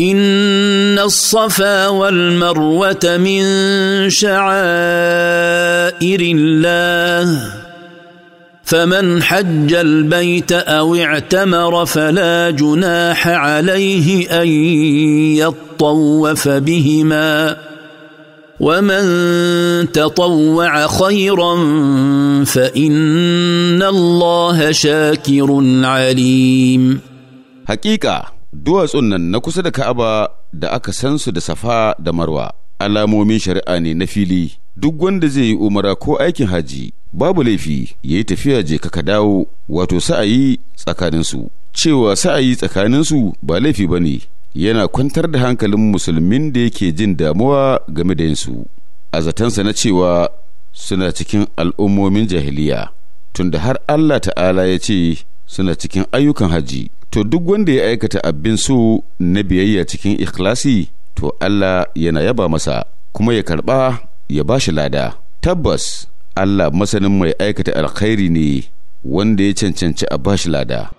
ان الصفا والمروه من شعائر الله فمن حج البيت او اعتمر فلا جناح عليه ان يطوف بهما ومن تطوع خيرا فان الله شاكر عليم حقيقه duwatsun nan na kusa da ka'aba da aka san su da safa da marwa alamomin shari'a ne na fili duk wanda zai yi umara ko aikin haji babu laifi ya yi tafiya je ka dawo wato sa'ayi tsakaninsu cewa sa'ayi tsakaninsu ba laifi ba ne yana kwantar da hankalin musulmin da yake jin damuwa game da yinsu a zatansa na cewa suna cikin al'ummomin jahiliya tunda har allah ta'ala ya ce suna cikin ayyukan haji to duk wanda ya aikata abin so na biyayya cikin ikhlasi to Allah yana yaba masa kuma ya karba ya ba shi lada tabbas Allah masanin mai aikata alkhairi ne wanda ya cancanci a ba shi lada